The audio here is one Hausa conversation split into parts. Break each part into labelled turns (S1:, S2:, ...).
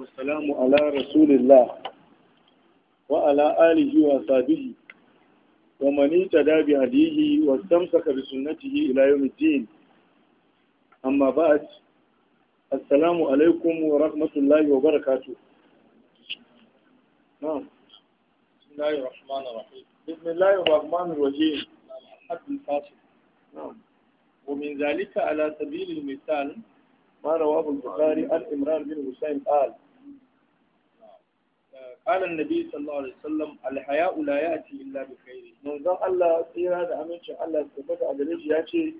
S1: والسلام على رسول الله وعلى آله وصحبه ومن اهتدى بهديه واستمسك بسنته إلى يوم الدين أما بعد السلام عليكم ورحمة الله وبركاته نعم بسم الله الرحمن الرحيم بسم الله الرحمن الرحيم الحد الفاصل نعم ومن ذلك على سبيل المثال ما رواه البخاري عن عمران بن حسين قال قال النبي صلى الله عليه وسلم الحياء لا ياتي الا بخير من ذا الله سيرا دا أمنش الله سبحانه أدريش ياتي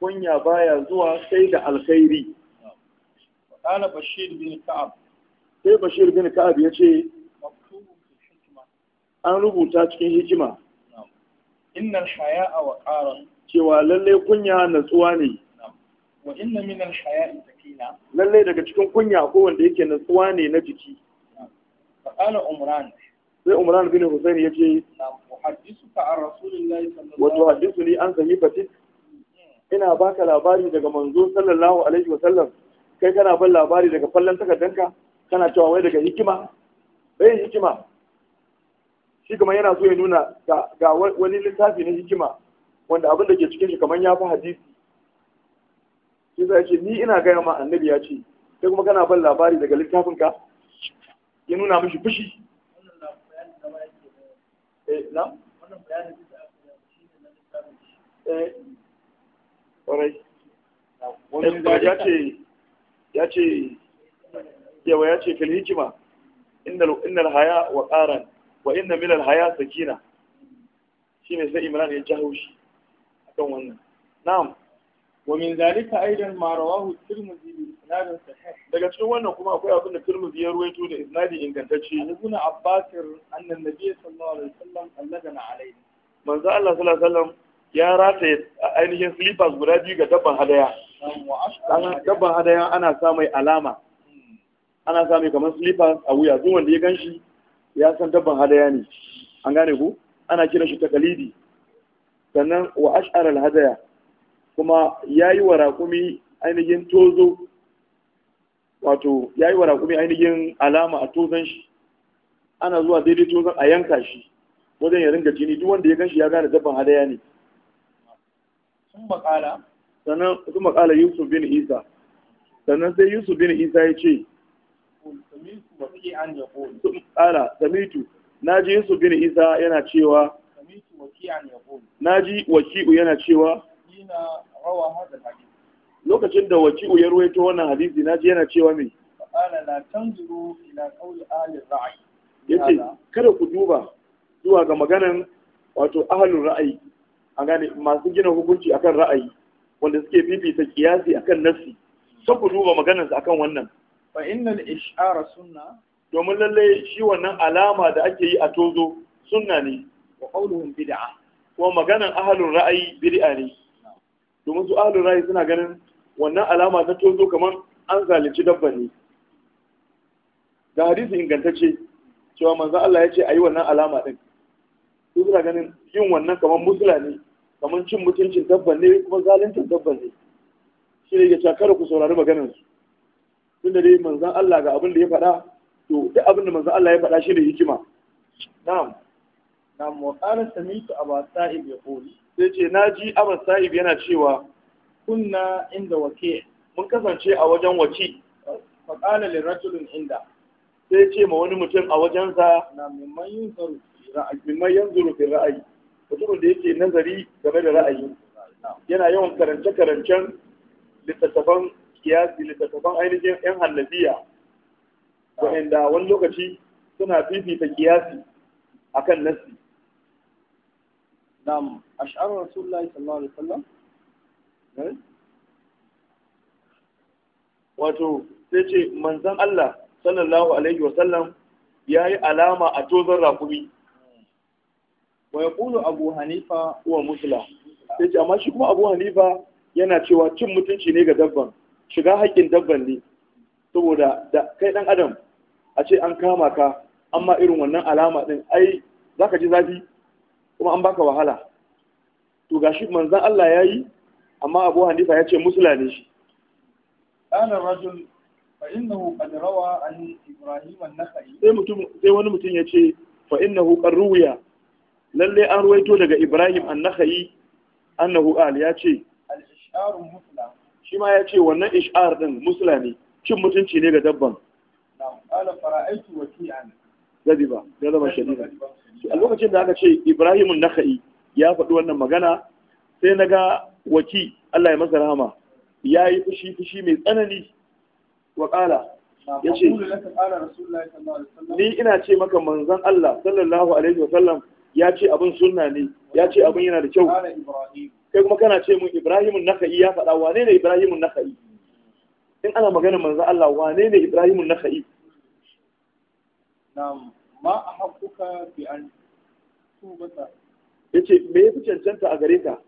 S1: كنيا بايا زوا سيد الخيري قال بشير بن كعب sai bashir bin ka'ab ya ce an rubuta cikin hikima innal haya'a wa qaran cewa lalle kunya natsuwa ne wa inna min al sakina lalle daga cikin kunya ko wanda yake natsuwa ne na jiki Sai Umran bin Hussein ya Muhaddisuka an Rasulillahi sallallahu Wato haddisu ni an sahi fatit. Hmm. Ina baka labari daga manzo sallallahu alaihi wa sallam. Kai kana ban labari daga fallan takardanka, kana cewa wai daga hikima. Bai eh, hikima. Shi kuma yana so ya nuna ga wani littafi na hikima wanda abin da ke cikin shi kamar ya fi hadisi. Shi zai ce ni ina gaya ma annabi ya ce, kai kuma kana ban labari daga littafinka. ya nuna mishi fushi eh, na? Eh, ƙwarai eh, ya ce yawa ya ce fil hikima innal haya wa ƙaran wa inna milal haya sakina shi ne sai imran ya jaho shi akan wannan na'am ومن ذلك أيضا ما رواه الترمذي بإسناد صحيح daga cikin wannan kuma akwai abin da Tirmidhi ya ruwaito da isnadi ingantacce Ibn Abbas anna an-nabiy sallallahu alaihi wasallam alladana alaihi manzo Allah sallallahu alaihi wasallam ya rataye ainihin slippers guda biyu ga dabban hadaya dabban hadaya ana sa alama hmm. ana sa mai kamar slippers a wuya duk wanda ya ganshi ya san dabban hadaya ne an gane ku ana kiran shi takalidi sannan wa ash'ar al-hadaya kuma ya yi wa raƙumi ainihin tozo wato ya yi wa raƙumi ainihin alama a tozon shi ana zuwa daidai tozon a yanka shi wajen ya ringa jini duk wanda ya ganshi ya gane dabban hadaya ne sannan sun makala yusuf bin isa sannan sai yusuf bin isa ya ce ƙala samitu na ji yusuf bin isa yana cewa na ji waki'u yana cewa hina rawa lokacin da waki'u ya ruwaito wannan hadisi naji yana cewa me qala la tanzuru ila qawli ahli ra'i yace kada ku duba zuwa ga maganan wato ahlul ra'ayi an gane masu gina hukunci akan ra'ayi wanda suke fifita kiyasi akan nafsi sai ku duba maganar su akan wannan fa innal ish'ara sunna domin lalle shi wannan alama da ake yi a tozo sunna ne wa qawluhum bid'a wa maganan ahlul ra'ayi bid'a ne domin su ahalin rayu suna ganin wannan alama ta tozo kamar an zalici dabba ne da hadisi ingantacce cewa manzo Allah ya ce ayi wannan alama din su suna ganin yin wannan kamar musula ne kamar cin mutuncin dabba ne kuma zaluntar dabba ne shi ne ya ce kada ku saurari maganar su tun da dai manzo Allah ga abin da ya faɗa to duk abin da manzo Allah ya faɗa shi ne hikima na'am na'am wa qala sami'tu aba sa'id yaqulu sai ce na ji abin sa'ib yana cewa kunna inda wake mun kasance a wajen waki faƙala li rajulun inda sai ce ma wani mutum a wajensa na mimman yin zuru fi ra'ayi mutumin da yake nazari game da ra'ayi yana yawan karance-karancen littattafan kiyasi littattafan ainihin yan hannabiya wa'inda wani lokaci suna fifita kiyasi akan nasi نعم أشعار رسول الله صلى الله عليه وسلم wato sai ce manzan Allah sallallahu alaihi wasallam ya yi alama a tozon rakumi wa ya kulu abu hanifa wa musula sai ce amma shi kuma abu hanifa yana cewa cin mutunci ne ga dabban shiga haƙƙin dabban ne saboda da kai ɗan adam a ce an kama ka amma irin wannan alama ɗin ai za ka ji zafi kuma an baka wahala to gashi manzan Allah ya yi amma Abu Hanifa ya ce musula ne shi ana rajul fa innahu qad rawa an Ibrahim an-Nakhai sai mutum sai wani mutum ya ce fa innahu qad ruwiya lalle an ruwaito daga Ibrahim an-Nakhai annahu qal ya ce al-ish'ar musla shi ma ya ce wannan ish'ar din musula ne cin mutunci ne ga dabban na'am qala fara'aytu waki'an gadiba galaba shadida a lokacin da aka ce ibrahimun naka'i ya faɗi wannan magana sai na ga waki allah ya masa rahama ya yi fushi fushi mai tsanani wa ƙala ya ce ni ina ce maka manzan allah sallallahu alaihi wasallam ya ce abin sunna ne ya ce abin yana da kyau kai kuma kana ce mun ibrahimun naka'i ya faɗa wane ne ibrahimun naka'i in ana magana manzan allah wane ne ibrahimun naka'i ma a haƙuka bi an tubata ya ce me ya fi cancanta a gare ka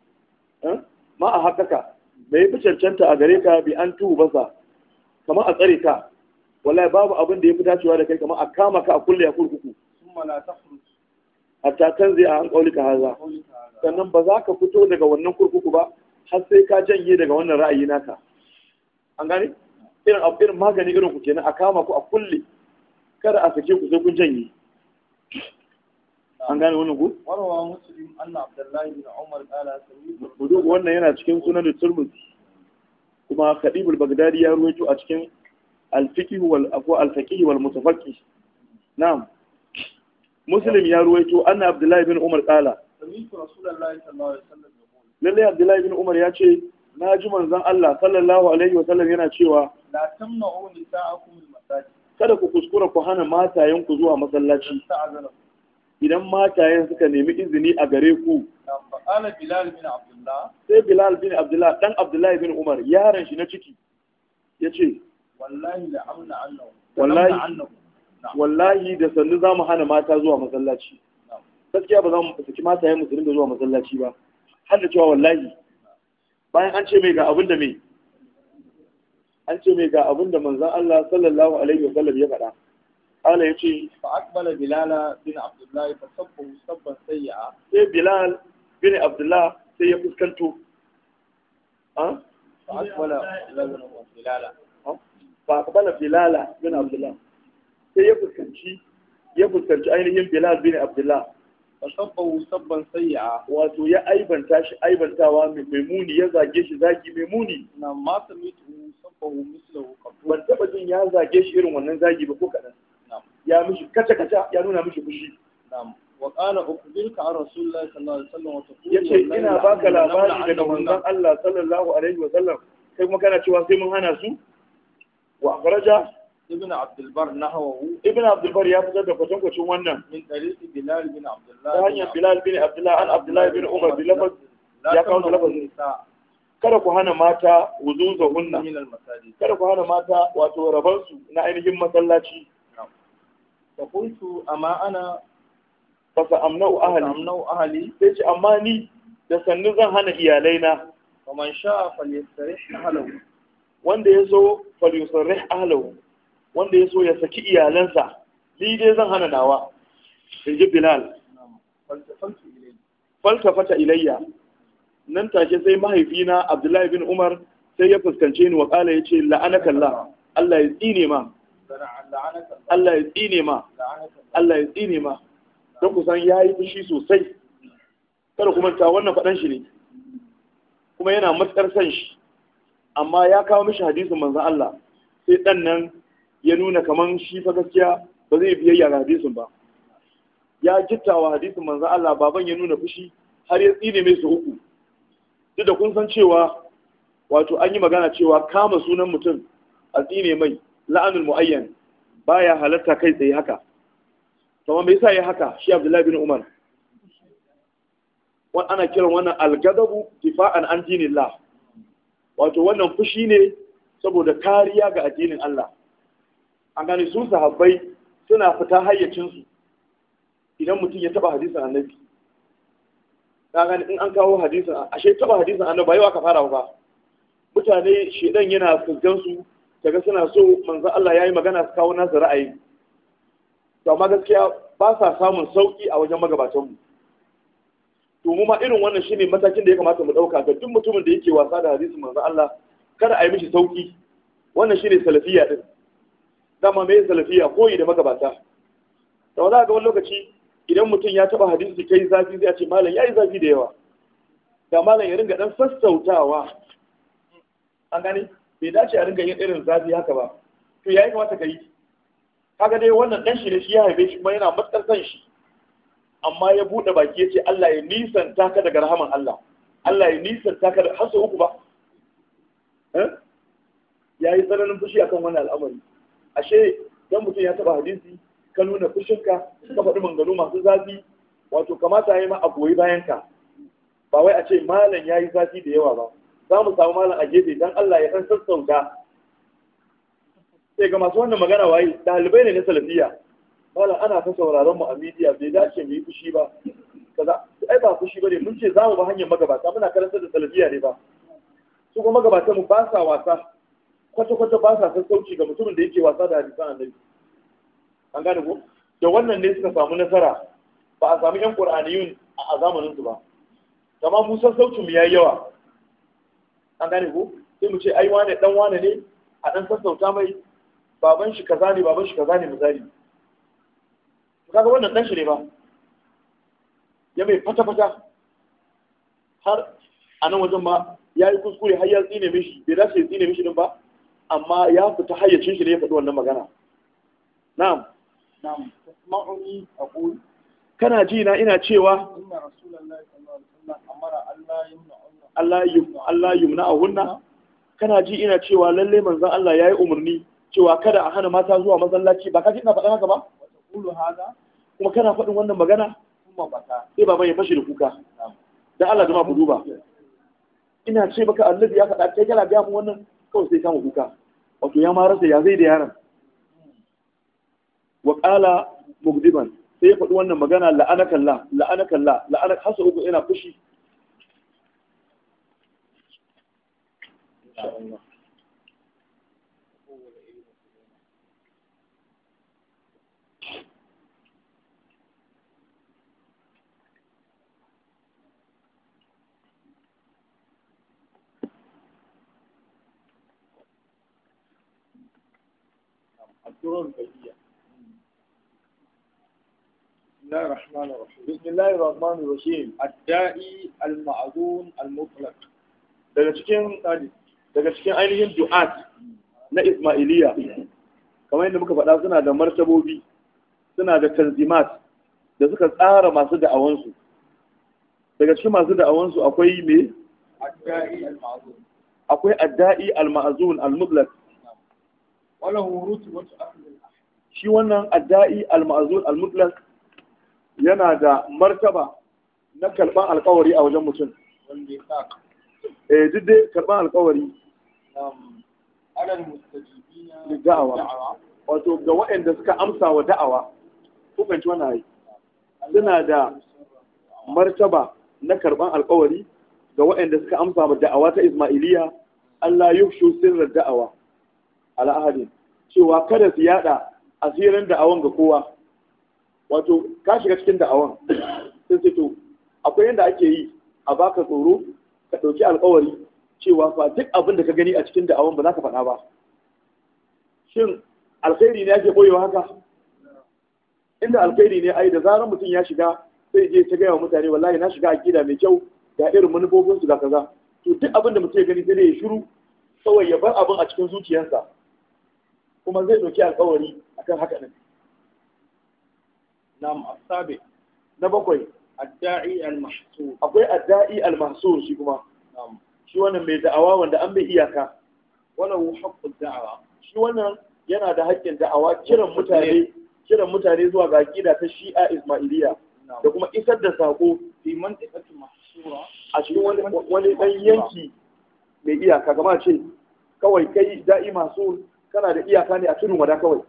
S1: eh? ma a haƙaka me ya fi cancanta a gare ka bi an tubasa kamar a tsare ka wallahi babu abin da ya fi dacewa da kai kamar a kama ka a kulle a kurkuku hatta kan zai a hankali ka haza sannan ba za ka fito daga wannan kurkuku ba har sai ka janye daga wannan ra'ayi naka an gane irin magani irin ku kenan a kama ku a kulle kada a sake ku sai kun janye an gane wannan ku warwa muslim anna abdullahi bin umar qala sami'tu wannan yana cikin sunan turmuzi kuma khadibul bagdadi ya ruwaito a cikin al-fiqh wal aqwa al-faqih wal mutafaqqih na'am muslim ya ruwaito anna abdullahi bin umar qala sami'tu rasulullahi sallallahu alaihi wasallam lalle abdullahi bin umar ya ce na ji manzon Allah sallallahu alaihi wasallam yana cewa la tamna'u nisa'akum al-masajid kada ku kuskura ku hana matayen ku zuwa masallaci idan matayen suka nemi izini a gare ku sai bilal bin abdullah ɗan abdullahi bin umar yaron shi na ciki ya ce wallahi da sannu za mu hana mata zuwa masallaci gaskiya ba za mu saki matayen musulun da zuwa masallaci ba har da cewa wallahi bayan an ce mai ga abin da mai an ce mai ga abin da manzan Allah sallallahu alaihi wasallam ya faɗa Ala ya ce, Fa akbala Bilala bin Abdullahi fa sabba musabban sayya. Sai Bilal bin Abdullah sai ya fuskanto. Fa akbala Bilala. Fa akbala Bilala bin Abdullah. Sai ya fuskanci ya fuskanci ainihin Bilal bin Abdullah. Fa sabba musabban sayya. Wato ya aibanta shi aibantawa mai muni ya zage shi zagi mai muni. Na ma sami tu sabba muslahu. Ban taɓa jin ya zage shi irin wannan zagi ba ko kaɗan. ya mishi kaca kaca ya nuna mishi fushi na'am wa ina baka labari daga manzon Allah sallallahu alaihi wasallam kai kuma kana cewa sai mun hana su wa akhraja ibn abdul ya fitar da kwatan wannan ta hanyar bilal bin abdullah bin umar ya kawo lafazin kada ku hana mata wuzu hunna kada ku hana mata wato rabonsu na ainihin masallaci fakultu amma ana fasa amnau ahali amnau ahali sai ce amma ni da sannu zan hana iyalai na faman sha falyasarih ahlahu wanda ya so falyasarih ahlahu wanda ya so ya saki iyalansa ni dai zan hana nawa in ji bilal falsafata ilayya nan take sai mahaifina abdullahi bin umar sai ya fuskance ni wa kala ya ce la'anakallah allah ya tsine ma Allah ya tsine ma Allah ya tsine ma don kusan ya yi fushi sosai kada kuma ta wannan faɗan shi ne kuma yana matsar san shi amma ya kawo mishi hadisin manzan Allah sai ɗan nan ya nuna kaman shi fa gaskiya ba zai biya ga hadisin ba ya jittawa hadisin manza Allah baban ya nuna fushi har ya tsine mai su uku duk da kun san cewa wato an yi magana cewa kama sunan mutum a tsine mai la'anul mu'ayyan baya halatta kai tsaye haka kuma me yasa ya haka shi Abdullahi bin Umar wani ana kiran wannan algadabu difa'an an dinillah wato wannan fushi ne saboda kariya ga addinin Allah an gani su sahabbai suna fita hayyacinsu idan mutum ya taba hadisin annabi ka gani in an kawo hadisin ashe taba hadisin annabi ba yawa ka fara ba mutane shedan yana fuskan su kaga suna so manzo Allah yayi magana su kawo nasu ra'ayi to amma gaskiya ba sa samun sauki a wajen magabatan mu to mu ma irin wannan shine matakin da ya kamata mu dauka ga duk mutumin da yake wasa da hadisin manzo Allah kada a yi mishi sauki wannan shine salafiya din dama me salafiya, koyi da magabata to za ga wani lokaci idan mutum ya taba hadisi kai zafi zai ce malam yayi zafi da yawa da malam ya ringa dan sassautawa an gani bai dace a ringa yin irin zafi haka ba to yayi kamata ka yi kaga dai wannan dan shi ne shi ya haife shi kuma yana matsar san shi amma ya bude baki ya ce Allah ya nisanta ka daga rahaman Allah Allah ya nisanta ka har sau uku ba eh yayi tsananin fushi akan wannan al'amari ashe dan mutum ya taba hadisi ka nuna fushinka ka faɗi maganganu masu zafi wato kamata ya ma a goyi ka? ba wai a ce malam yayi zafi da yawa ba za mu samu malam a gefe don Allah ya san sassauta sai ga masu wannan magana waye ɗalibai ne na salafiya malam ana ta sauraron mu a midiya bai dace mu yi fushi ba kaza ai ba fushi ne mun ce za mu ba hanyar magabata muna karantar da salafiya ne ba su kuma magabata mu ba sa wasa kwata-kwata ba sa sassauci ga mutumin da yake wasa da hadisan annabi an gane ko da wannan ne suka samu nasara ba a samu yan Ƙur'aniyun a zamaninsu ba amma mu sassaucin mu yayi yawa an gane ko sai mu ce ai wane dan wane ne a dan sassauta mai baban shi kaza ne baban shi kaza ne misali to kaga wannan dan shi ne ba ya mai fata fata har a nan wajen ma ya yi kuskure har ya tsine mishi bai dace ya tsine mishi din ba amma ya fita hayyacin shi ne ya faɗi wannan magana na'am na'am tasma'uni aqul kana ji na ina cewa inna rasulullahi sallallahu alaihi wasallam amara Allah yamna Allah yumna a hunna kana ji ina cewa lalle manzon Allah yayi umarni cewa kada a hana mata zuwa masallaci ba ka ji ina faɗa haka ba qulu hada kuma kana faɗin wannan magana kuma sai baban ya fashi da kuka dan Allah ma ku duba ina ce baka annabi ya faɗa kai kana ga mu wannan kawai sai kama kuka wato ya ma rasa ya zai da yaron wa qala mugdiban sai ya faɗi wannan magana la'anakallah la'anakallah la'anak hasu uku ina fushi شاء الله الدروس البيئية بسم الله الرحمن الرحيم بسم الله الرحمن الرحيم الدائي المعدوم المطلق daga cikin hadisi daga cikin ainihin du'at na Ismailiyya kamar yadda muka faɗa suna da martabobi suna da tanzimat da suka tsara masu da'awansu daga cikin masu da'awansu akwai me akwai adda'i al-ma'zun al-mublak shi wannan adda'i al-ma'zun al-mublak yana da martaba na karban alƙawari a wajen mutum eh duk dai karban alƙawari da'awa wato ga waɗanda suka amsa wa da'awa hukunci wani hayi suna da martaba na karɓan alkawari ga waɗanda suka amsa wa da'awa ta Isma'iliya, Allah yufshu sirrar da'awa ala ahadin cewa kada su yada asirin da'awan ga kowa wato ka shiga cikin da'awan sai sai to akwai yadda ake yi a baka tsoro ka ɗauki alkawari cewa fa duk abin da ka gani a cikin da'awan ba za ka faɗa ba shin alkhairi ne ake boyewa haka inda alkhairi ne ai da zarar mutum ya shiga sai je ta gaya wa mutane wallahi na shiga akida mai kyau ga irin manufofin su ga kaza to duk abin da mutum ya gani sai ya shiru kawai ya bar abin a cikin zuciyarsa kuma zai ɗauki alkawari akan haka ne Na asabi na bakwai adda'i al-mahsur akwai adda'i al-mahsur shi kuma shi wannan mai da'awa wanda an bai iyaka hu haqqud da'awa shi wannan yana da haƙƙin da'awa kiran mutane kiran mutane zuwa ga aqida ta Shi'a Ismailiyya da kuma isar da sako fi mantiqatin mahsura a cikin wani wani dan yanki mai iyaka kamar ce kawai kai da'i masu kana da iyaka ne a cikin wada kawai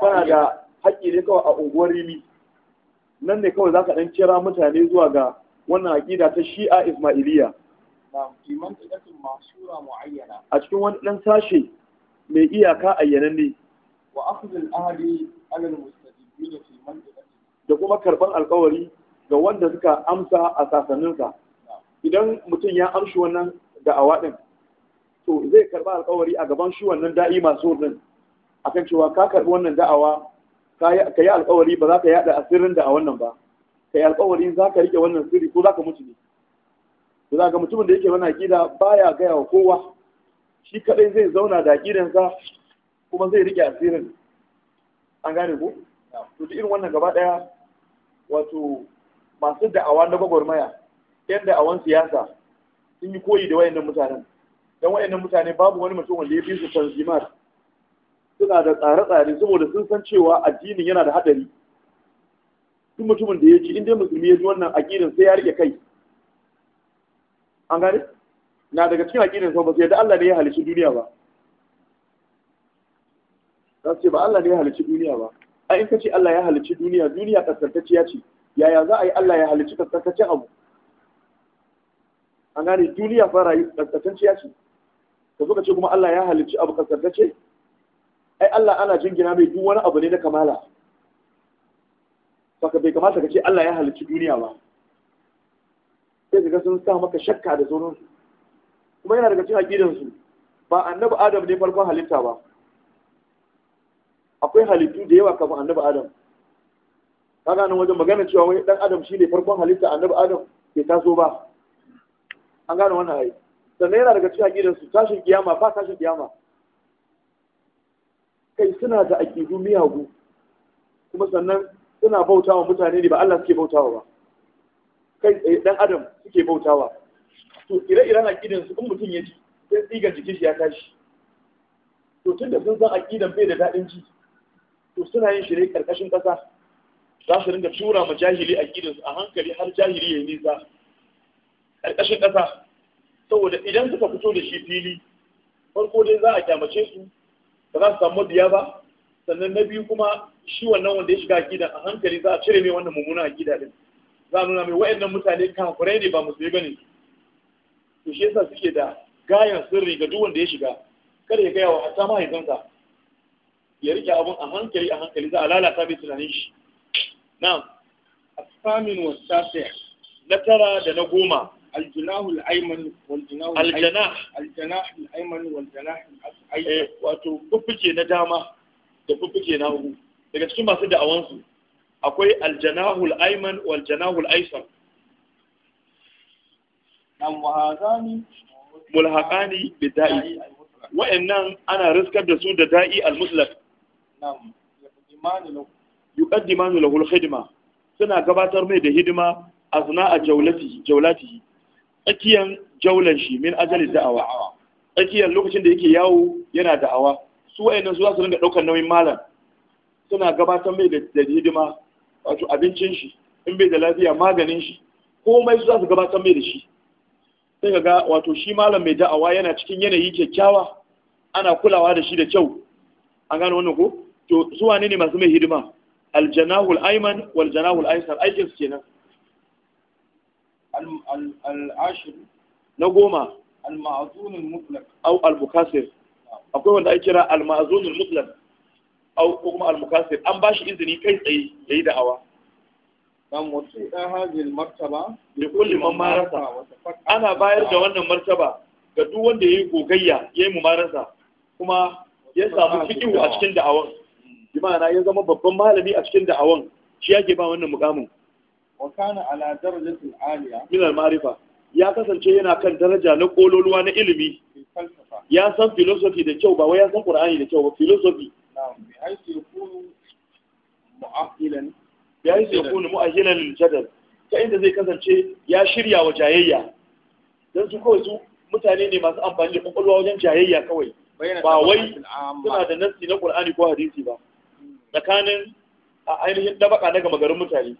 S1: kana da haƙƙi ne kawai a unguwar rimi nan ne kawai zaka dan kira mutane zuwa ga wannan aqida ta Shi'a Ismailiyya a cikin wani ɗan sashe mai iyaka ayyanan ne da kuma karɓar alkawari ga wanda suka amsa a sasanninsa idan mutum ya amshi wannan da'awa ɗin to zai karɓa alkawari a gaban shi wannan da'i masu A kan cewa ka karɓi wannan da'awa ka yi alkawari ba za ka yada asirin da a wannan ba ka yi alkawari za ka riƙe wannan sirri ko za ka mutu ne to za mutumin da yake wani aƙida baya gaya wa kowa shi kaɗai zai zauna da aƙidansa kuma zai rike asirin an gane ko to irin wannan gaba daya wato masu da'awa na gwagwarmaya yan da'awan siyasa sun yi koyi da wayannan mutanen dan wayannan mutane babu wani mutum wanda ya fi su tanzimar suna da tsare-tsare saboda sun san cewa addinin yana da hadari duk mutumin da ya ci, inda musulmi ya ji wannan aƙidan sai ya rike kai an gane na daga cikin aƙidar kuma ba su yadda Allah ne ya halici duniya ba za su ce ba Allah ne ya halici duniya ba a in ka ce Allah ya halici duniya duniya kaskantacciya ce yaya za a yi Allah ya halici kaskantaccen abu an gane duniya fa rayu kaskantacciya ce ka zo ka ce kuma Allah ya halici abu kaskantacce ai Allah ana jingina mai duk wani abu ne na kamala saka bai kamata ka ce Allah ya halici duniya ba sai ga sun sa maka shakka da sauran su kuma yana daga cikin aqidan su ba annabi adam ne farkon halitta ba akwai halittu da yawa kafin annabi adam kaga nan wajen magana cewa wani dan adam shine farkon halitta annabi adam bai taso ba an gane wannan ai sannan yana daga cikin aqidan su tashin kiyama ba tashin kiyama kai suna da aqidu miyagu kuma sannan suna bautawa mutane ne ba Allah suke bautawa ba kai tsaye dan adam suke bautawa to ire-iren aqidan su in mutum ya sai tsiga jikin shi ya tashi to tunda sun san aqidan bai da dadin ji to suna yin shi ne karkashin kasa za su ringa tura ma jahili aqidan su a hankali har jahili ya yi nisa karkashin kasa saboda idan suka fito da shi fili farko dai za a kyamace su ba za su samu biya ba sannan na biyu kuma shi wannan wanda ya shiga aqidan a hankali za a cire mai wannan mummunan aqida din za nuna mai wa'annan mutane kan kafirai ne ba musulmi gani to shi yasa suke da gayan sirri ga duk wanda ya shiga kada ya gaya wa hatta mahaifinsa ya rike abun a hankali a hankali za a lalata mai tunanin shi na'am asamin wasafir na tara da na goma الجناح الايمن والجناح الجناح الجناح الايمن wato fuffuke na dama da fuffuke na hagu daga cikin masu da'awansu akwai aljanahul ayman wal janahul aysar nan wahazani mulhaqani bi da'i wa'annan ana riskar da su da da'i al-mutlaq nam yuqaddimanu lahu al-khidma suna gabatar mai da hidima azna a jawlatihi jawlatihi tsakiyan jawlan shi min ajali da'awa tsakiyan lokacin da yake yawo yana da'awa su wa'annan su za su ringa daukar nauyin malam suna gabatar mai da hidima wato abincin shi in bai da lafiya maganin shi komai su za su gabatar mai da shi sai ga wato shi malam mai da'awa yana cikin yanayi kyakkyawa ana kulawa da shi da kyau an gano wannan ko to zuwa ne ne masu mai hidima aljanahul ayman wal janahul aysar aikin su kenan al ashir na goma al ma'zunul al mutlaq aw al mukasir akwai wanda ake kira al ma'zunul mutlaq kuma al-mukasir an bashi izini kai tsaye yi da'awa dan wasu da hazil martaba da kulli man marasa ana bayar da wannan martaba ga duk wanda yayi gogayya yayi mumarasa kuma ya samu fikihu a cikin da'awan bi ma'ana ya zama babban malami a cikin da'awan shi yake ba wannan mukamin wa kana ala darajatil aliya min al-ma'rifa ya kasance yana kan daraja na kololuwa na ilimi ya san philosophy da kyau ba wai ya san qur'ani da kyau ba philosophy بحيث يكون مؤهلا بحيث يكون ta inda zai kasance ya shirya wa jayayya don su kawai su mutane ne masu amfani da kwakwalwa wajen jayayya kawai ba wai suna da nassi na qur'ani ko hadisi ba tsakanin a ainihin dabaka na gama garin mutane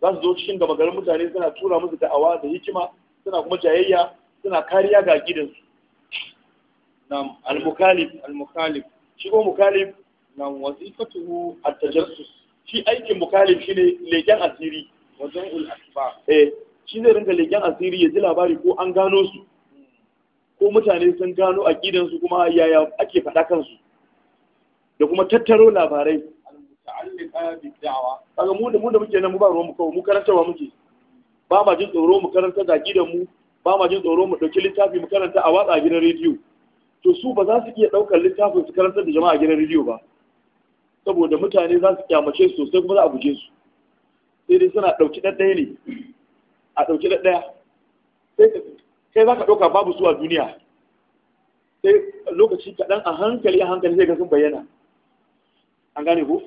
S1: za su zo cikin gama garin mutane suna tura musu da'awa da hikima suna kuma jayayya suna kariya ga gidansu na al shi ko mukalif na wazifatuhu at-tajassus shi aikin mukalif shine leken asiri wajen ul asba eh shi zai rinka leken asiri ya ji labari ko an gano su ko mutane sun gano aqidan su kuma yaya ake faɗa kansu da kuma tattaro labarai al-muta'alliqa bid-da'wa kaga mu da mu da muke nan mu ba ruwan mu kawai mu muke ba ma jin tsoro mu karanta da gidan mu ba ma jin tsoro mu dauki littafi mu karanta a watsa gidan rediyo to su ba za su iya ɗaukar littafin su karantar da jama'a gidan rediyo ba saboda mutane za su kyamace su sosai kuma za a guje su sai dai suna ɗauki ɗaɗɗaya ne a ɗauki ɗaɗɗaya sai za ka ɗauka babu su a duniya sai lokaci kaɗan a hankali a hankali sai ga sun bayyana an gane ko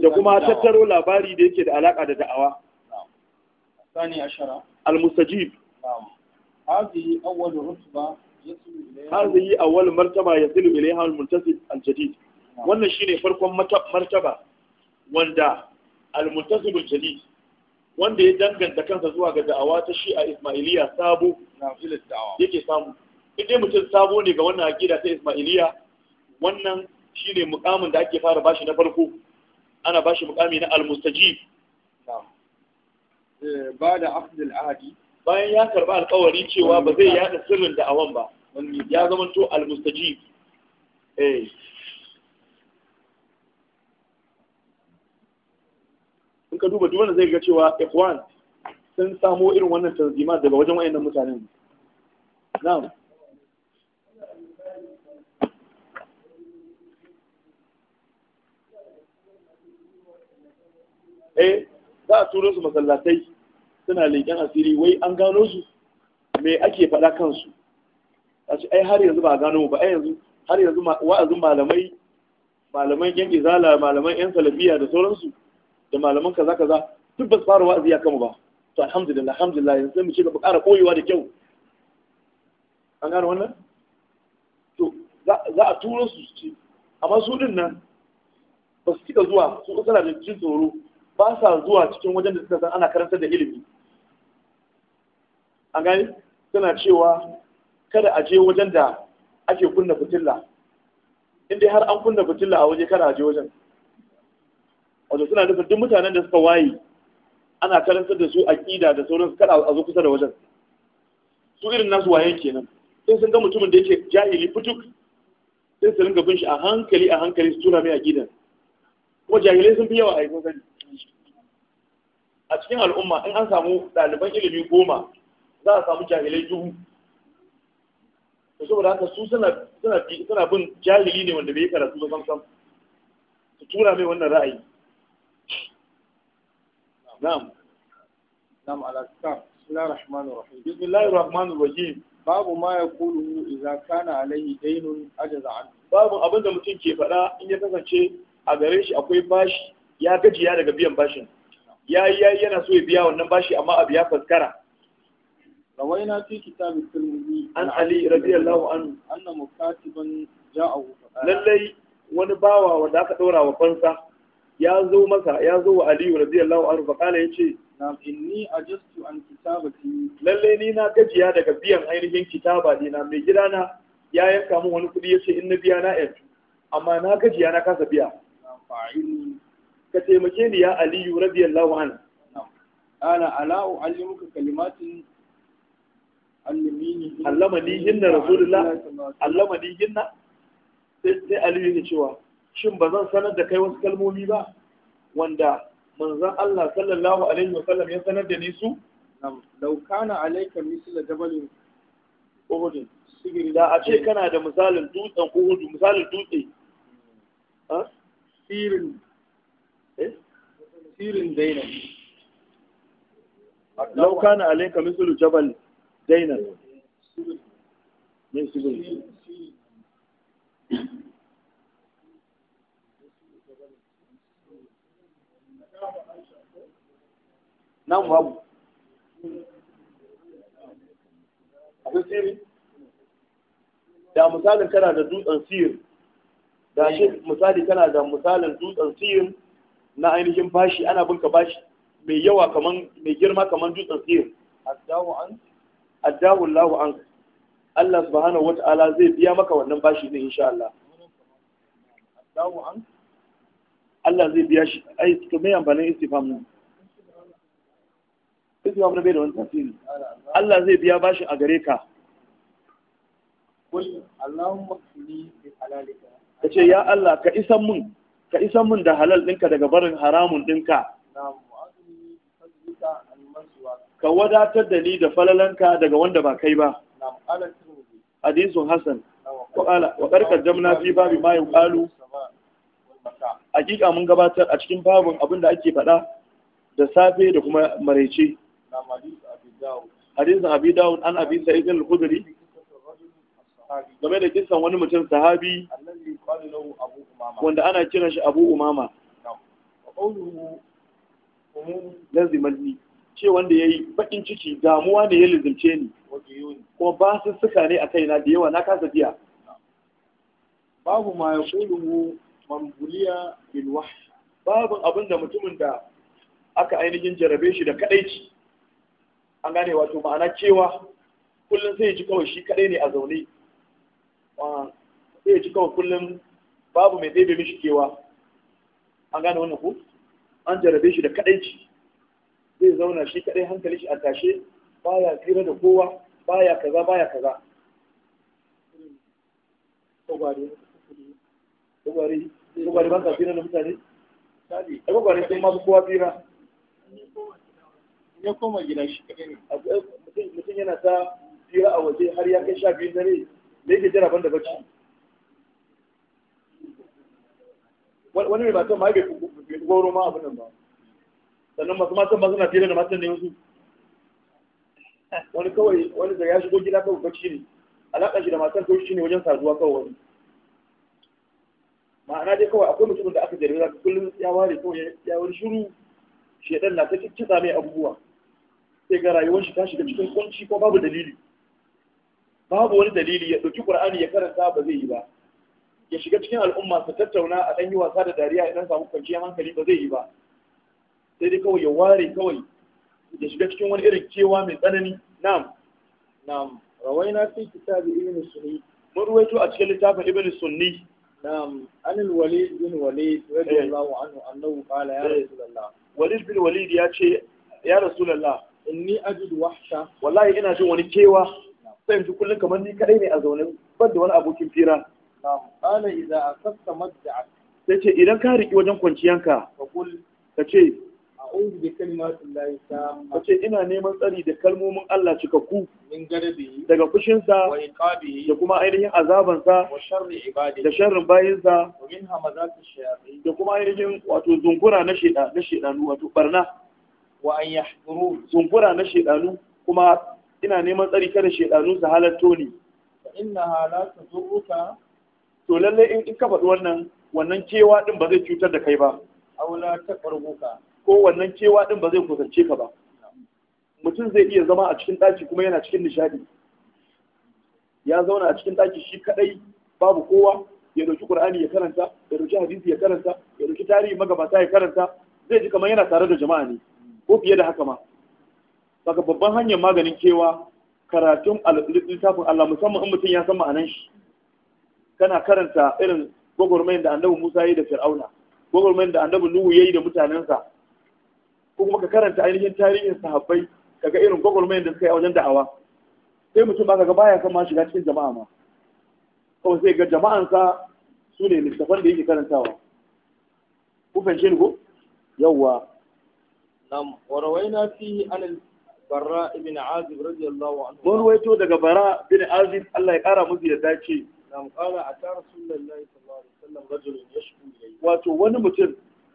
S1: da kuma tattaro labari da yake da alaƙa da da'awa al-mustajib هذه أول رتبة يصل إليها هذه أول مرتبة يصل إليها المنتسب الجديد wannan shine farkon martaba wanda al-muntasib al-jadid wanda ya danganta kansa zuwa ga da'awa ta Shi'a Ismailiyya sabo na filin da'awa. yake samu idan mutum sabo ne ga wannan aqida ta Ismailiyya wannan shine mukamin da ake fara bashi na farko ana bashi mukami na al-mustajib ba da akhdil ahadi bayan ya karɓi alƙawari cewa ba zai yada sirrin da awan ba ya zama to almustaji eh in ka duba duwanda zai ga cewa ikhwan sun samo irin wannan tarzima daga wajen wayannan mutanen na'am eh za a turo su masallatai suna leƙen asiri wai an gano su me ake faɗa kansu a ai har yanzu ba a gano ba ai yanzu har yanzu wa'azin malamai malaman yan izala malaman yan salafiya da sauransu da malaman kaza kaza duk ba su fara wa'azi ya kama ba to alhamdulillah alhamdulillah yanzu mu ce ba ƙara koyewa da kyau an gano wannan to za a turo su ce amma su din nan ba su cika zuwa su suna da jin tsoro ba sa zuwa cikin wajen da suka san ana karantar da ilimi a gani suna cewa kada a je wajen da ake kunna fitilla inda har an kunna fitilla a waje kada a je wajen wato suna nufin duk mutanen da suka waye ana karantar da su a ƙida da sauran kada a zo kusa da wajen su irin nasu wayen kenan sai sun ga mutumin da yake jahili fituk sai su ringa bin shi a hankali a hankali su tura mai aqidan kuma jahilai sun fi yawa a yi sani a cikin al'umma in an samu ɗaliban ilimi goma za a samu jahilai duhu to saboda haka su suna suna suna bin jahili ne wanda bai karatu ba sam su tura mai wannan ra'ayi na'am na'am alaskar bismillahir rahmanir rahim bismillahir rahmanir rahim babu ma ya kulu idza kana alaihi daynun ajaza an babu abin da mutum ke faɗa in ya kasance a gare shi akwai bashi ya gajiya daga biyan bashin ya yi yana so ya biya wannan bashi amma abu ya faskara rawaina fi kitab at-Tirmidhi an Ali lallai wani bawa wanda aka ɗora wa fansa ya zo masa wa Ali radiyallahu anhu faqala yace ni na gajiya daga biyan ainihin kitaba ne na mai gidana ya yanka min wani kuɗi yace in na biya na yanzu amma na gajiya na kasa biya ka taimake ni ya Ali radiyallahu anhu ana ala u'allimuka kalimatin allamani hinna rasulullah allamani hinna sai aliyu yake cewa shin ba zan sanar da kai wasu kalmomi ba wanda manzon Allah sallallahu alaihi wa sallam ya sanar da ni su law kana alayka misla jabalin uhud da a ce kana da misalin dutsen uhud misalin dutse hmm. sirin eh? sirin daina law kana alayka mislu jabal dainan min sibiri nan babu akwai da misalin kana da dutsen sir da shi misali kana da misalin dutsen sir na ainihin bashi ana binka bashi mai yawa kaman mai girma kaman dutsen sir asdawu an addahu Allahu an Allah subhanahu wata'ala zai biya maka wannan bashi ne, insha Allah addahu an Allah zai biya shi ai to me amfanin istifham nan istifham ne bai da wani tasiri Allah zai biya bashi a gare ka kul Allahumma qini bi halalika kace ya Allah ka isan mun ka isan mun da halal ɗinka daga barin haramun ɗinka ka wadatar da ni da falalanka daga wanda ba kai ba hadisun hasan wa karkar jamna fi babi ma yuqalu hakika mun gabatar a cikin babin abin da ake faɗa da safe da kuma maraice hadisin abi dawud an abi sa'id al-khudri game da kisan wani mutum sahabi wanda ana kiran shi abu umama lazimalni ce wanda ya yi baƙin ciki damuwa ne ya lizimce ni kuma ba su suka ne a kaina da yawa na kasa biya babu ma ya kulu mambuliya bil wahsh babu abin da mutumin da aka ainihin jarabe shi da kadaici an gane wato ma'ana cewa kullum sai ya ji kawai shi kadai ne a zaune sai ya ji kawai kullum babu mai ɗebe mishi kewa an gane wannan ku an jarabe shi da kadaici zai zauna shi kadai hankali shi a tashe baya tsira da kowa baya kaza baya kaza ba tsira da kowa tsira ya koma gida eh, yana ta tsira a har ya kai sha biyu dare bai goro ma abin ba sannan masu matan ba suna fira da matan ne yanzu wani kawai wani da ya shigo gida kawai shi ne alaƙa shi da matan kawai shi ne wajen saduwa kawai wani ma'ana dai kawai akwai mutumin da aka jarabe zaka kullum ya ware kawai ya wani shiru shedan na ta kitsa mai abubuwa sai ga rayuwar shi ta shiga cikin kunci ko babu dalili babu wani dalili ya ɗauki ƙur'ani ya karanta ba zai yi ba ya shiga cikin al'umma su tattauna a ɗan yi wasa da dariya idan samu kwanciyar hankali ba zai yi ba sai dai kawai ya ware kawai ya shiga cikin wani irin cewa mai tsanani na'am na'am na fi kitabi ibn sunni mun ruwaito a cikin littafin ibn sunni na'am anil walid bin walid radiyallahu eh. anhu annahu qala ya eh. rasulullah walid bin walid ya ce ya rasulullah inni ajidu wahsha wallahi ina jin wani cewa. sai yanzu kullum kamar ni kadai ne a zaune ban da wani abokin fira na'am qala idza asabta madja'ak sai ce idan ka riki wajen kwanciyanka ka kul ka ce a'udhu bi lahi tamma ina neman tsari da kalmomin Allah cikakku min garabi daga fushin sa wa iqabi da kuma ainihin azaban sa wa sharri ibadi da sharrin bayin sa wa min hamazati shayatin da kuma ainihin wato zungura na sheda na wato barna wa an yahduru zungura na shedanu kuma ina neman tsari kada shedanu su halatto ni fa to lalle in ka faɗi wannan wannan kewa ɗin ba zai cutar da kai ba aula ta ko wannan kewa din ba zai kusance ka ba mutum zai iya zama a cikin ɗaki kuma yana cikin nishadi ya zauna a cikin ɗaki shi kaɗai babu kowa ya ɗauki ƙur'ani ya karanta ya ɗauki hadisi ya karanta ya ɗauki tarihi magabata ya karanta zai ji kamar yana tare da jama'a ne ko fiye da haka ma saka babban hanyar maganin kewa karatun littafin Allah musamman in mutum ya san ma'anan shi kana karanta irin gwagwarmayin da annabi Musa ya yi da Fir'auna gwagwarmayin da annabi Nuhu ya yi da mutanensa ko kuma ka karanta ainihin tarihin sahabbai kaga irin gwagwarmayar da suka yi a wajen da'awa sai mutum ba ga baya kama shiga cikin jama'a ma kawai sai ga jama'ansa su ne littafan da yake karantawa ku fahimce ni ko yawwa nam warawaina fi an barra ibn azib radiyallahu anhu Mun waito daga bara bin azib Allah ya kara musu ya dace nam qala ata rasulullahi sallallahu alaihi wasallam rajulun yashku ilayhi wato wani mutum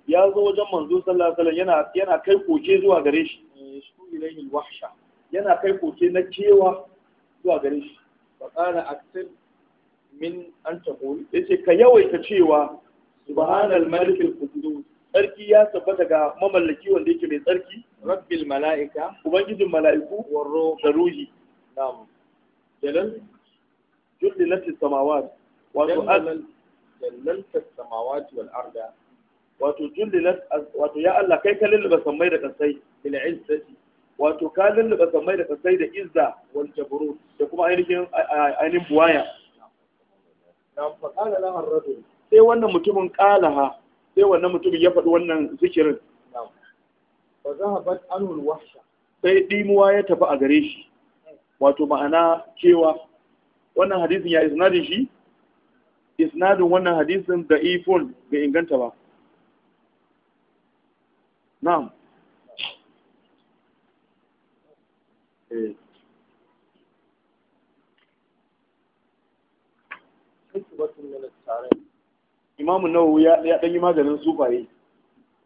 S1: ya zo wajen manzo sallallahu alaihi yana yana kai koke zuwa gare shi su ilaihi wahsha yana kai koke na cewa zuwa gare shi fa qala aktir min an taqul yace ka yawaita cewa subhanal malik al qudus tsarki ya tabbata ga mamallaki wanda yake mai tsarki rabbil mala'ika ubangijin mala'iku warro da ruhi na'am jalal jullilat samawat wa tu'al jallat as-samawati wal arda wato jullilat wato ya Allah kai ka lulluba sammai da kasai bil izzati wato ka lulluba sammai da kasai da izza wal jabrut da kuma ainihin ainihin buwaya nam fa kana lahu ar-rajul sai wannan mutumin qalaha sai wannan mutumin ya faɗi wannan zikirin fa zahabat anhu al-wahsha sai dimuwa ya tafi a gare shi wato ma'ana cewa wannan hadisin ya isnadin shi isnadin wannan hadisin da ifon bai inganta ba نعم eh. imamu nawawi ya ɗan yi maganin sufaye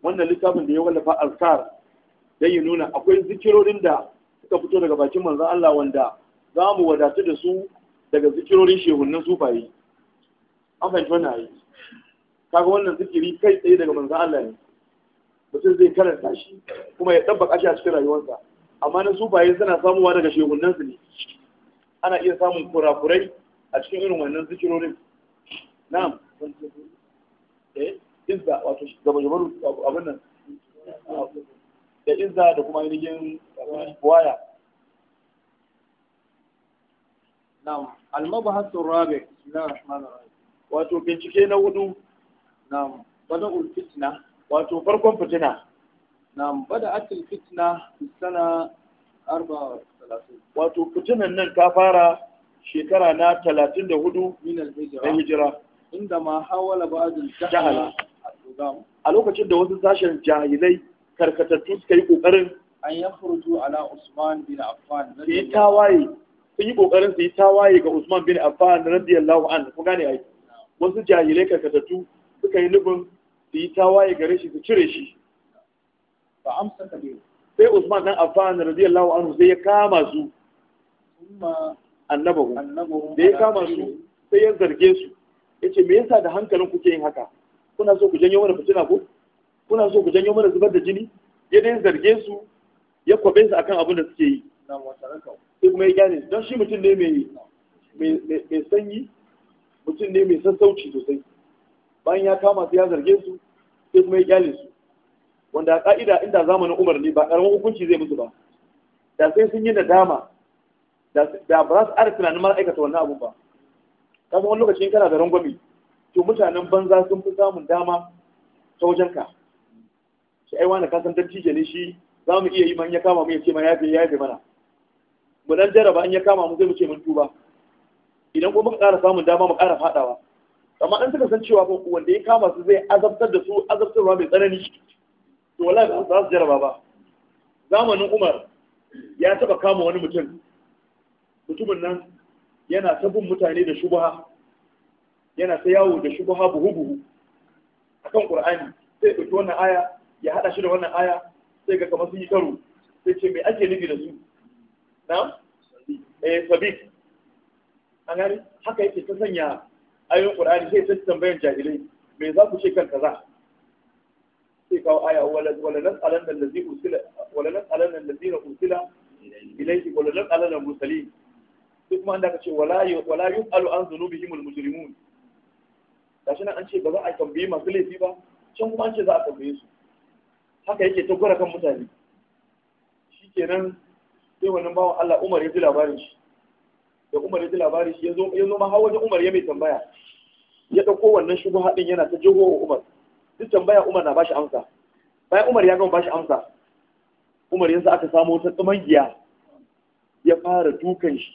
S1: wannan littafin da ya wallafa alkar da yi nuna akwai zikirorin da suka fito daga bakin manzan Allah wanda za mu wadatu da su daga zikirorin shehunan sufaye an fahimci wannan ayi kaga wannan zikiri kai tsaye daga manzan Allah ne mutum zai karanta shi kuma ya tabbaka shi a cikin rayuwarsa amma na sufaye suna samuwa daga shegunansu ne ana iya samun kurakurai a cikin irin wannan zikirorin na'am eh izza wato gaba gabaru abin nan da izza da kuma ainihin waya na'am al-mabhath ar-rabi' bismillahir rahmanir rahim wato bincike na hudu na'am bada'ul fitna wato farkon fitina na bada atil fitna sana 34 wato fitinan nan ta fara shekara na 34 min hudu na hijira. inda ma hawala ba'd jahala. a lokacin da wasu sashen jahilai karkatattu suka yi kokarin an yi yakhruju ala usman bin affan su yi tawaye sun yi kokarin su yi tawaye ga usman bin affan radiyallahu anhu ku gane ai wasu jahilai karkatattu suka yi nufin su yi tawaye gare shi su cire shi ba amsa kabiru sai Usman dan Affan radiyallahu anhu sai ya kama su kuma annabahu da ya kama su sai ya zarge su yace me yasa da hankalin kuke yin haka kuna so ku janyo mana fitina ko kuna so ku janyo mana zubar da jini ya dai zarge su ya kwabe su akan abin da suke yi sai kuma ya gane don shi mutum ne mai mai sanyi mutum ne mai sassauci sosai bayan ya kama su ya zarge su sai kuma ya kyale su wanda a ka'ida inda zamanin umar ne ba ƙaramin hukunci zai musu ba da sai sun yi dama. da ba za su ara tunanin mara aikata wannan abu ba ka wani lokacin kana da rangwami to mutanen banza sun fi samun dama ta wajen ka shi aiwa na kasan dattijo ne shi za mu iya yi man ya kama mu ya ce ma ya fi mana mu dan jaraba an ya kama mu zai mu ce mun tuba idan kuma muka ƙara samun dama mu ƙara faɗawa amma an suka san cewa ba wanda ya kama su zai azabtar da su azabtarwa mai tsanani to wallahi ba za su jaraba ba zamanin Umar ya taba kama wani mutum mutumin nan yana ta bin mutane da shubha yana ta yawo da shubha buhu buhu akan Qur'ani sai ɗauki wannan aya ya haɗa shi da wannan aya sai ga kamar sun yi karo sai ce me ake nufi da su na eh sabik an gani haka yake ta sanya ayoyin qur'ani sai ta tambayan jahilai me za ku ce kan kaza sai kawo aya walalan wala nas'alan allazi ursila wala nas'alan allazina ursila ilayhi wala nas'alan al sai kuma anda kace wala wala yus'alu an dhunubihim al-mujrimun gashi nan an ce ba za a tambayi masu laifi ba can kuma an ce za a tambaye su haka yake ta gwara kan mutane shikenan sai wannan bawan Allah Umar ya ji labarin shi da Umar ya ji labari shi yanzu yazo ma har wajen Umar ya mai tambaya ya dauko wannan shubha haɗin yana ta jiho wa Umar duk tambaya Umar na bashi amsa bayan Umar ya gama bashi amsa Umar yanzu aka samu wata tsamangiya ya fara dukan shi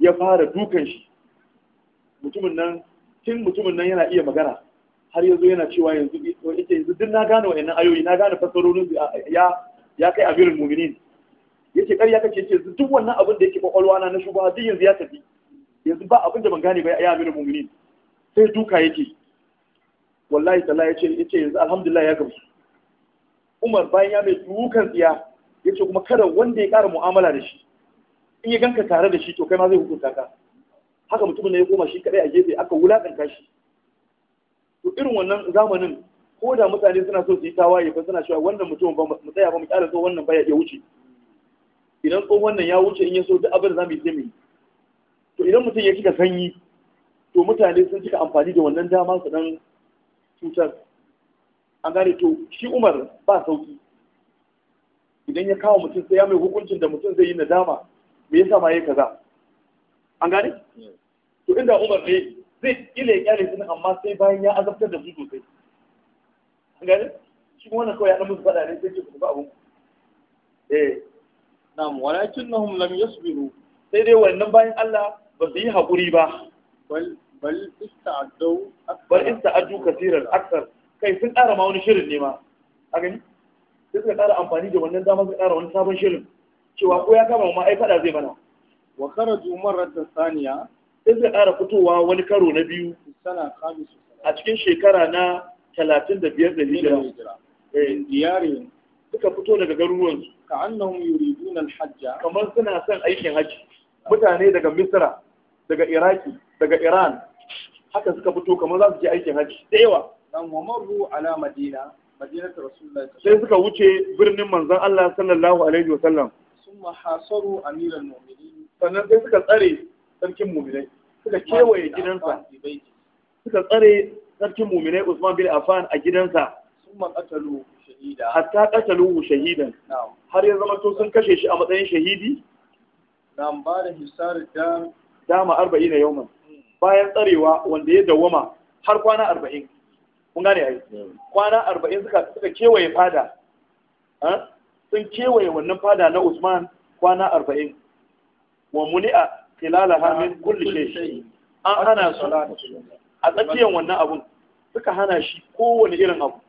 S1: ya fara dukan shi mutumin nan tun mutumin nan yana iya magana har yanzu yana cewa yanzu ita yanzu duk na gane wa'annan ayoyi na gane fasarorin ya ya kai abirin mu'minin yace ƙarya kake yace duk wannan abin da yake kwakwalwa na na shubha duk yanzu ya tafi yanzu ba abin da ban gane ba ya amina mu'minin sai duka yake wallahi Sallah yace yace yanzu alhamdulillah ya gamsu Umar bayan ya mai dukan tsiya yace kuma kada wanda ya ƙara mu'amala da shi in ya ganka tare da shi to kai ma zai hukunta ka haka mutumin ne ya koma shi kadai a gefe aka wulakanta shi to irin wannan zamanin ko da mutane suna so su yi tawaye ba suna cewa wannan mutumin ba mu tsaya ba mu kyara so wannan baya ya wuce idan tsohon wannan ya wuce in ya so duk abin da za mu yi mu yi to idan mutum ya cika sanyi to mutane sun cika amfani da wannan dama su dan cutar an gane to shi umar ba sauki idan ya kawo mutum sai ya mai hukuncin da mutum zai yi nadama me yasa ma yayi kaza an gane to inda umar ne zai kila ya kyale su amma sai bayan ya azabtar da su sosai an gane shi wannan kawai ya dan musu faɗa ne sai ce ku ba abun eh na'am nahum lam yasbiru sai dai wannan bayan Allah ba su yi haƙuri ba bal bal ista'addu bal ista'addu kaseeran aksar kai sun ƙara ma wani shirin ne ma a gani sai suka ƙara amfani da wannan dama suka ƙara wani sabon shirin cewa ko ya kama ma ai fada zai mana wa kharaju marrat saniya sai suka ƙara fitowa wani karo na biyu sana khamis a cikin shekara na 35 da hijira eh diyarin suka fito daga garuruwansu ka annahum yuriduna al-hajja kamar suna son aikin haji mutane daga misra daga iraki daga iran haka suka fito kamar za su je aikin haji da yawa dan wa marru ala madina madinatu rasulullahi sai suka wuce birnin manzon Allah sallallahu alaihi wa sallam summa hasaru amiral mu'minin sannan sai suka tsare sarkin mu'minai suka kewaye gidansa suka tsare sarkin mu'minai Usman bin Affan a gidansa summa qatalu hatta qataluhu shahidan har ya zama to sun kashe shi a matsayin shahidi nam ba da hisar dam dama 40 yawman hmm. bayan tsarewa wanda ya dawama har kwana 40 kun gane ai kwana 40 suka suka kewaye fada ha sun kewaye wannan fada na Usman kwana 40 wa muni'a khilalaha min kulli shay an hana su a tsakiyar wannan abun suka hana shi kowane irin abu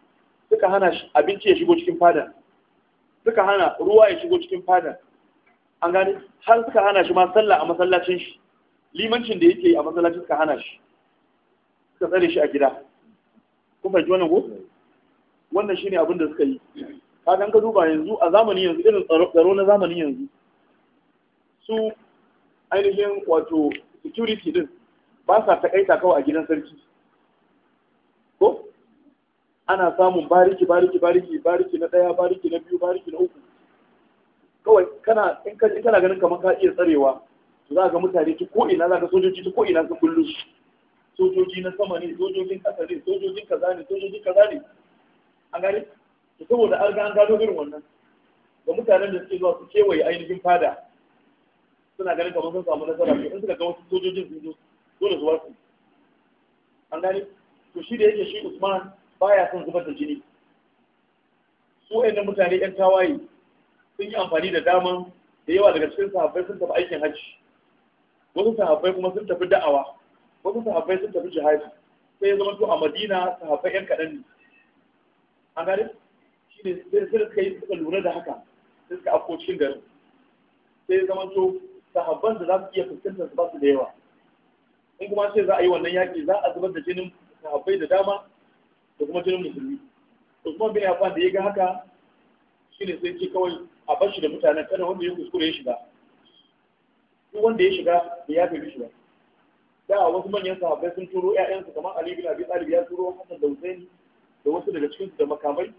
S1: suka hana abinci ya shigo cikin fadan suka hana ruwa ya shigo cikin fada, an gane har suka hana shi ma sallah a masallacin shi limancin da yake a masallacin suka hana shi suka tsare shi a gida kun fahimci wannan ko wannan shine abin da suka yi kaga ka duba yanzu a zamanin yanzu irin tsaro na zamanin yanzu su ainihin wato security din ba sa takaita kawai a gidan sarki ko ana samun bariki bariki bariki bariki na ɗaya bariki na biyu bariki na uku kawai kana in kana ganin kamar ka iya tsarewa to za ga mutane ki ko ina za ga sojoji ki ko ina ka kullu sojoji na sama ne sojojin ƙasa ne sojojin kaza ne sojojin kaza ne an gani to saboda an ga an gano irin wannan ga mutanen da suke zuwa su kewaye ainihin fada suna ganin kamar sun samu nasara to in suka ga wasu sojojin sun zo dole su wasu an gani to shi da yake shi Usman baya son zubar da jini su wayannan mutane yan tawaye sun yi amfani da daman da yawa daga cikin sahabbai sun tafi aikin hajji wasu sahabbai kuma sun tafi da'awa wasu sahabbai sun tafi jihadi sai ya zama to a madina sahabbai yan kaɗan ne an garin, shi ne sai suka yi suka lura da haka sai suka afko cikin garin sai ya zama to sahabban da za su iya fuskantar su ba su da yawa in kuma sai za a yi wannan yaƙi za a zubar da jinin sahabbai da dama da kuma jinin musulmi usman bin affan da ya ga haka shine sai ce kawai a bar shi da mutanen kada wanda ya kuskure ya shiga duk wanda ya shiga da ya fi shi ba da wasu manyan sahabbai sun turo ƴaƴansu kamar Ali bin Abi Talib ya turo Hassan da Hussein da wasu daga cikin da makamai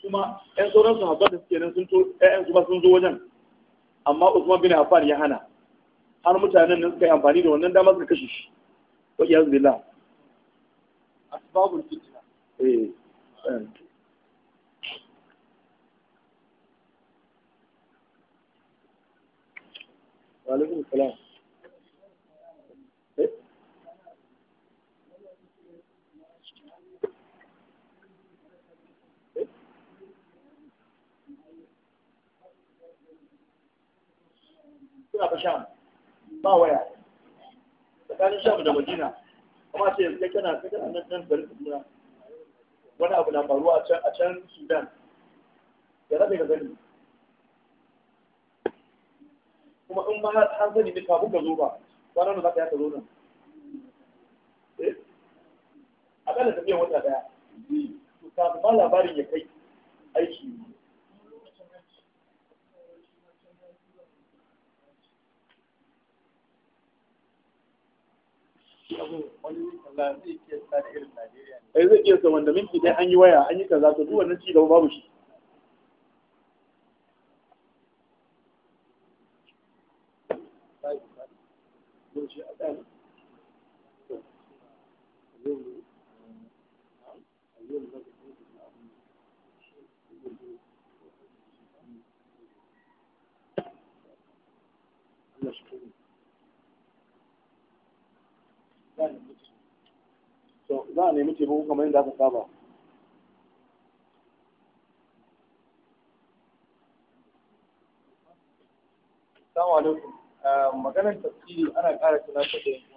S1: kuma ƴan sauran sahabban da suke nan sun turo ƴaƴan ba sun zo wajen amma Usman bin Affan ya hana har mutanen nan suka yi amfani da wannan damar suka kashe shi wa iyaz billah asbabul fitr وعليكم السلام suna fa sham ba waya tsakanin sham da madina kuma sai kana nan nan garin wani abu na faruwa a can a can Sudan ya rabe ka gani kuma in ma har zani ne kafin ka zo ba kwanan da za ka yaka zo nan A eh? akalla tafiyan wata daya to kafin ma labarin ya kai aiki ne wani zai ke sa irin Najeriya ai eh, zai iya sa wanda minti dai an yi waya an yi kaza to duk wannan ci gaba babu shi za a nemi taimako kamar yadda aka saba Assalamu alaikum. Eh, maganar tafsiri ana ƙara tunatar da